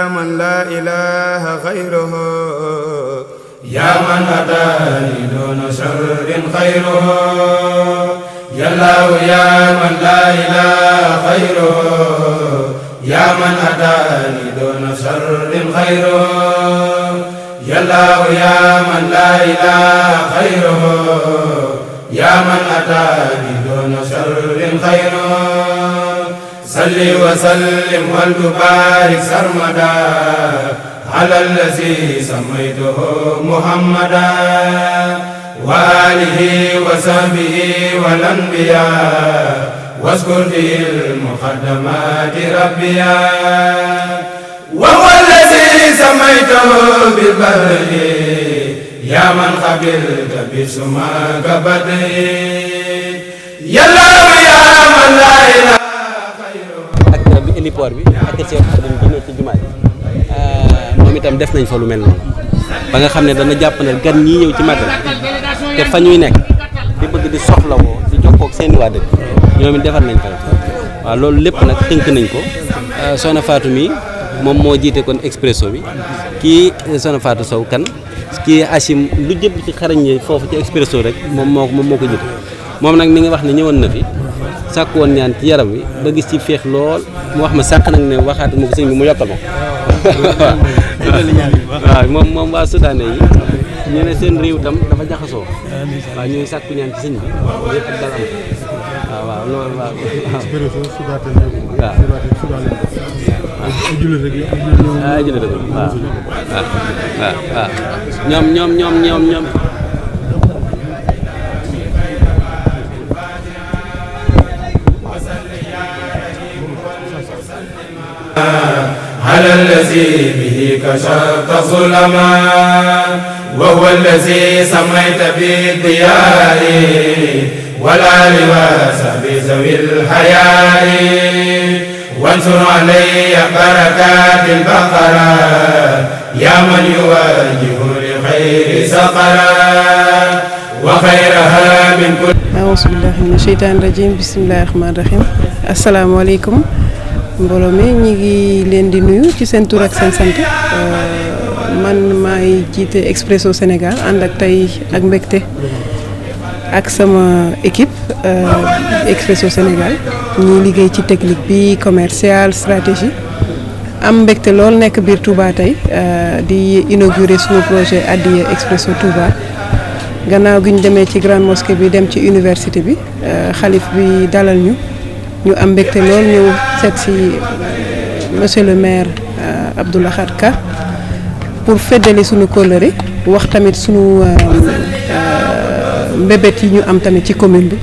يا من لا إله غيره يا من أتاني دون شر خيره يا الله يا من لا إله غيره يا من أتاني دون شر خيره يا الله يا من لا إله صل وسلم وتبارك سرمدا على الذي سميته محمدا وآله وصحبه والأنبياء واذكر في المقدمات ربيا وهو الذي سميته بالبدر يا من قبلت بسماك بدر يا الله يا من لا إله héliport bi ak Cheikh Khadim bi nekk euh, moom itam def nañ fa lu mel noonu ba nga xam ne dana jàpp ne gan ñii ñëw ci magal te fa ñuy nekk di bëgg di soxlawoo di jokkoo ak seen waa dëkk ñoom defar nañ fa waaw loolu lépp nag tënk nañ ko euh, soxna faatu mi moom moo jiite kon expresso bi kii soxna faatu Sow kan kii Asim lu jëm ci xarañ yi foofu ci expresso rek moom moo moom moo ko jiite moom nag mi ngi wax ne ñëwoon na fi. sàkk woon ñaan ci yaram wi ba gis ci féex lool mu wax ma sàkk nag ne waxaat ma ko sëñ bi mu yokkal ma waaw moom moom waa Soudanais yi ñu seen réew tam dafa jaxasoo waaw ñuy sàkku ñaan ci sëñ bi lépp dal am waaw waaw waaw waaw waaw ñoom ñoom ñoom ñoom على الذي به كشفت ظلما وهو الذي سميت بالضياء ولا لباس بذوي الحياء وانصر علي بركات البقرة يا من يواجه لخير سقرا وخيرها من كل أعوذ بالله من الشيطان الرجيم بسم الله الرحمن الرحيم السلام عليكم mbooloo mi ñu ngi leen di nuyu ci seen tur ak seen sant euh, man maay jiite Expresso Sénégal ànd ak tey ak mbégte ak sama équipe euh, Expresso Sénégal ñuy liggéey ci technique bi commercial stratégie am mbégte lool nekk biir Touba tey euh, di inaugurer suñu projet Adiya Expresso Touba gannaaw gi ñu demee ci grande mosquée bi dem ci université bi xalif bi dalal ñu. ñu am mbégte lool ñëw set si monsieur le maire euh, Abdou Lahad pour feddali suñu kóllëre wax tamit suñu euh, euh, mbébét yi ñu am tamit ci commune bi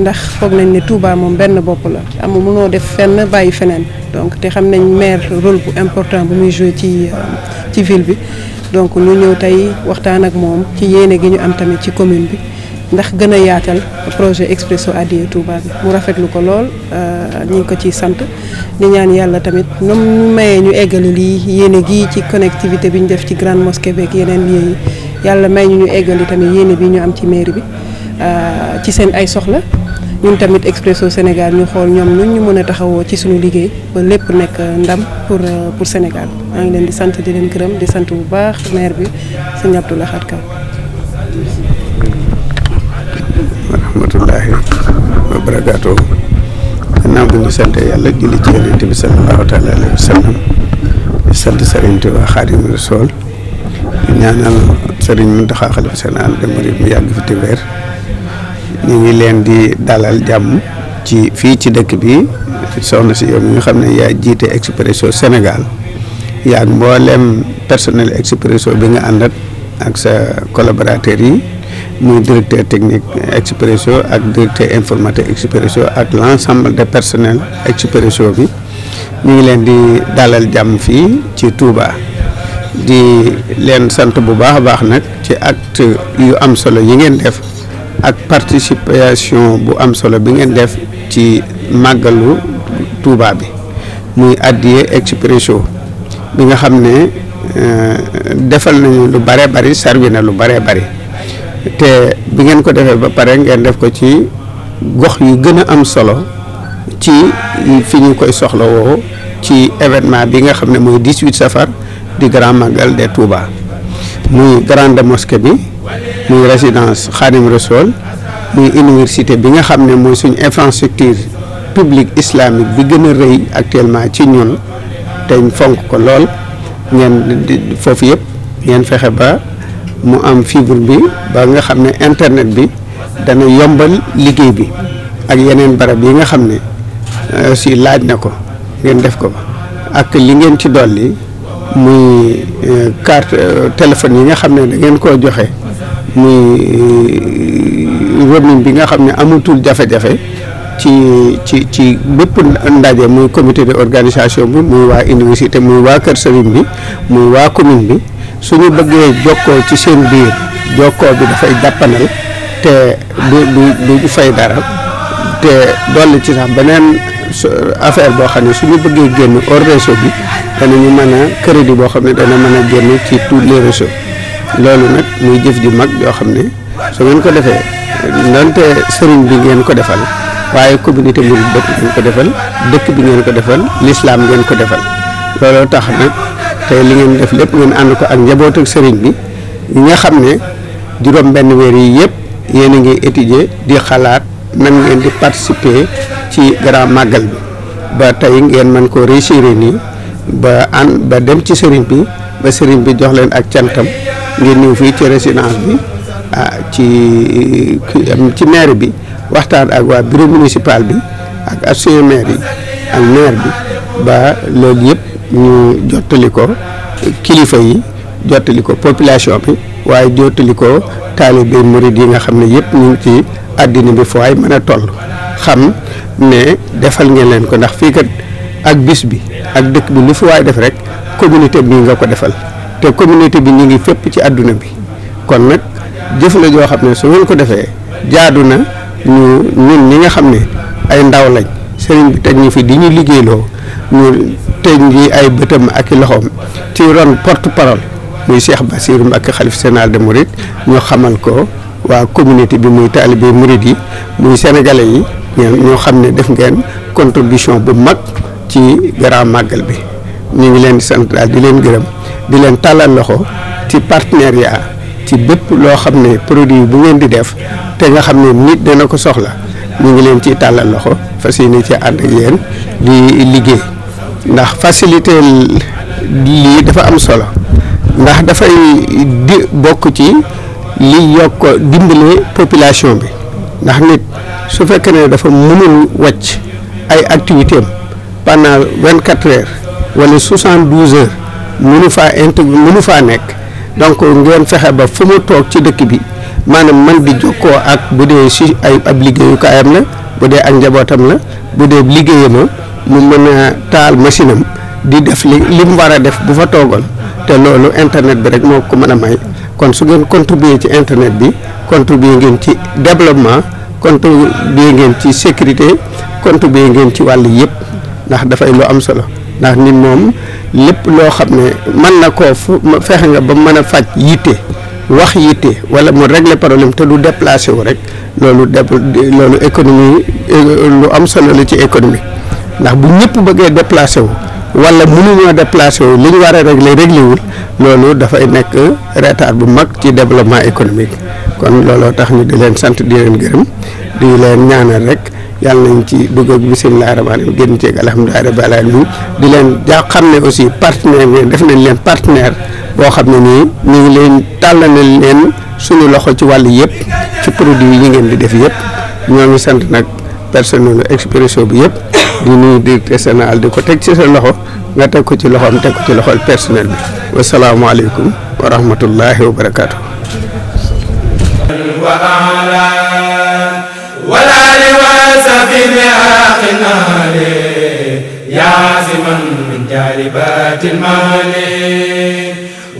ndax foog nañ ne Touba moom benn bopp la amul mënoo def fenn bàyyi feneen donc te xam nañ maire rôle bu important bu muy joué ci ci ville bi donc ñu ñëw tey waxtaan ak moom ci yéene gi ñu am tamit ci commune bi ndax gën a yaatal projet Expresso Adiya Touba bi mu rafetlu ko lool euh, ñu ngi ko ciy sant di ñaan yàlla tamit ñoom mayee ñu eggali lii yéene gii ci connectivité bi ñu def ci grande mosquée beeg yeneen lieux yàlla may ñu ñu eggali tamit yéene bi ñu am ci mairie bi euh, ci seen ay soxla ñun tamit Expresso Sénégal ñu xool ñoom ñun ñu mën a taxawoo ci suñu liggéey ba lépp nekk ndam pour euh, pour Sénégal maa ngi leen di sant di leen gërëm di sant bu baax maire bi sëñ Abdou Lahad Ka rahmatullahi wa barakaatuhu gannaaw bi ñu sant yàlla julli ci yonent bi sallallahu taala alayhi wa mu yàgg fi ti ñu ngi leen di dalal jàmm ci fii ci dëkk bi soxna si yow nga xam ne yaa jiite Expresso Sénégal yaa mboolem personnel Expresso bi nga ànd ak sa collaborateur yi muy directeur technique Expresso ak directeur informatique Expresso ak l' ensemble des personnels Expresso bi ñu ngi leen di dalal jàmm fii ci Touba di leen sant bu baax a baax nag ci acte yu am solo yi ngeen def ak participation bu am solo bi ngeen def ci màggalu Touba bi muy addiye Expresso bi nga xam ne euh, defal nañu lu bare bari servi lu bare bari te bi ngeen ko defee ba pare ngeen def ko ci gox yu gën a am solo ci fi ñu koy soxlawoo ci événement bi nga xam ne mooy 18 safar di grand magal de Touba muy grande mosquée bi muy résidence Khadim Rassoul muy université bi nga xam ne mooy suñu infrastructure publique islamique bi gën a rëy actuellement ci ñun te fonk ko lool ngeen foofu yëpp ngeen fexe ba mu am fibre bi ba nga xam ne internet bi dana yombal liggéey bi ak yeneen barab yi nga xam ne euh, aussi laaj na ko ngeen def ko ak li ngeen ci dolli muy euh, carte euh, téléphone yi nga xam ne da ngeen koo joxe muy roaming bi nga xam ne amatul jafe-jafe ci ci ci bépp ndaje muy comité bi muy waa université muy waa kër sëriñ bi muy waa commune bi suñu bëggee jokkoo ci seen biir jokkoo bi dafay jàppanal te du du du fay dara te dolli ci sax beneen affaire boo xam ne suñu bëggee génn hors réseau bi danañu mën a crédit boo xam ne dana mën a génn ci tout les réseaux loolu nag muy jëf ju mag joo xam ne su ngeen ko defee donte sëriñ bi ngeen ko defal waaye communité bi dëkk ngeen ko defal dëkk bi ngeen ko defal l'islam ngeen ko defal looloo tax nag tey li ngeen def lépp ngeen ànd ko ak njaboot ak sëriñ bi ñi nga xam ne juróom benn weer yi yëpp yéen a ngi étudier di xalaat nan ngeen di participer ci grand màggal bi ba tey ngeen mën ko réussir nii ba an ba dem ci sëriñ bi ba sëriñ bi jox leen ak cantam ngeen ñëw fii ci résidence bi ah ci ci maire bi waxtaan ak waa bureau municipal bi ak associé maire yi ak meer bi ba loolu yépp ñu jottali ko kilifa yi jottali ko population bi waaye jottali ko taalibe murid yi nga xam ne yëpp ñu ci àddina bi fu waay mën a toll xam ne defal ngeen leen ko ndax fii kat ak bis bi ak dëkk bi lu fi waay def rek communauté bi nga ko defal te communité bi ñu ngi fépp ci àdduna bi kon nag jëf la joo xam ne su ngeen ko defee jaadu na ñu ñun ñi nga xam ne ay ndaw lañ sëriñ bi teg ñu fi di ñu liggéeyloo ñu teg ngi ay bëtam ak i loxoom ci ron porte parole muy Cheikh Bassirou Mbacké xalif général de Mouride ñu xamal ko waa communauté bi muy taalibe Mouride yi muy sénégalais yi ñoo xam ne def ngeen contribution bu mag ci grand màggal bi ñu ngi leen di sant daal di leen gërëm di leen tàllal loxo ci partenariat ci bépp loo xam ne produit bu ngeen di def te nga xam ne nit dana ko soxla ñu ngi leen ci tàllal loxo fas yéene ci ànd ak yéen di liggéey. ndax facilité lii dafa am solo ndax dafay di bokk ci li yokk dimbale population bi ndax nit su fekkee ne dafa mënul wàcc ay activité am pendant vingt wala soixante douze heures mënu faa intégrer mënu faa nekk donc ngeen fexe ba fu mu toog ci dëkk bi maanaam man di jokkoo ak bu dee si ay ab liggéeyukaayam la bu dee ak njabootam la bu dee liggéeyama mu mën a taal machine am di def li li mu war a def bu fa toogoon te loolu internet bi rek moo ko mën a may kon su ngeen contribuer ci internet bi contribuer ngeen ci développement contribuer ngeen ci sécurité contribuer ngeen ci wàll yëpp ndax dafay lu am solo ndax nit moom lépp loo xam ne mën na ko fu fexe nga ba mën a faj yitte wax yitte wala mu régler problème te du déplacé wu rek loolu def loolu économie lu am solo la ci économie ndax bu ñëpp bëggee déplacé wu wala mënuñoo déplacé wu li ñu war a réglé réglé wul loolu dafay nekk retard bu mag ci développement économique kon looloo tax ñu di leen sant di leen gërëm di leen ñaanal rek yàlla nañ ci dugg ak bisimilah rahmaan rahim génn ceeg alhamdulilah rabbil alamin di leen jaa xam ne aussi partenaire bi def nañ leen partenaire boo xam ne nii ñu ngi leen tàllal nañ leen suñu loxo ci wàll yëpp ci produit yi ngeen di def yëpp ñoo ngi sant nag. personnel expression bi yëpp di nuyu directeur général di ko teg ci sa loxo nga teg ko ci loxoom teg ko ci loxol personnel bi wasalaamaaleykum wa rahmatullahi wa barakaatu. يعزما من جالبات المال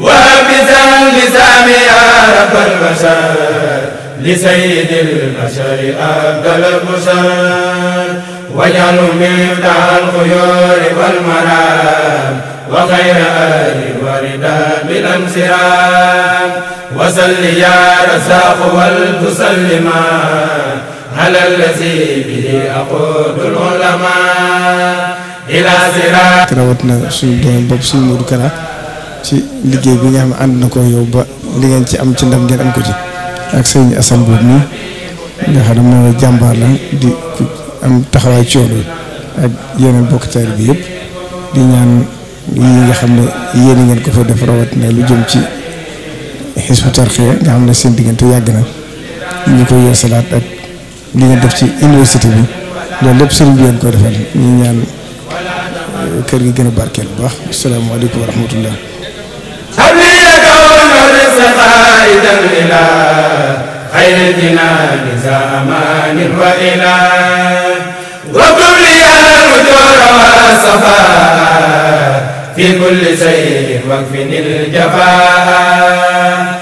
وبزن لسامي يا رب البشر لسيد البشر أفضل البشر واجعل مفتاح الخيور والمنام وخير أهل ورداء بالانصرام وسل يا رزاق والتسلما على الذي به أقود العلماء إلى صراط rawatina suñu doom bopp suñu Modou Kara ci liggéey bi nga xam ne ànd na ko yow ba li ngeen ci am ci ndam ngeen am ko ci ak sëñ Assane Boub mi nga xam ne moom jàmbaar la di am taxawaay coono ak yeneen bokk taalibe bi yépp di ñaan yi nga xam ne yéen ngeen ko fa def rawatina lu jëm ci Hizbut Tarqiyyah nga xam ne seen diggante yàgg na ñu koy yeesalaat ak li nga def ci université bi loolu lépp sëriñ bi ngeen koy defal ñu ñaan kër gi gën a barkeel bu baax asalaamaaleykum wa rahmatullah قائدا إلى خير الجنان زمان وإلى وكن لي الرجوع والصفاء في كل شيء واكفني الجفاء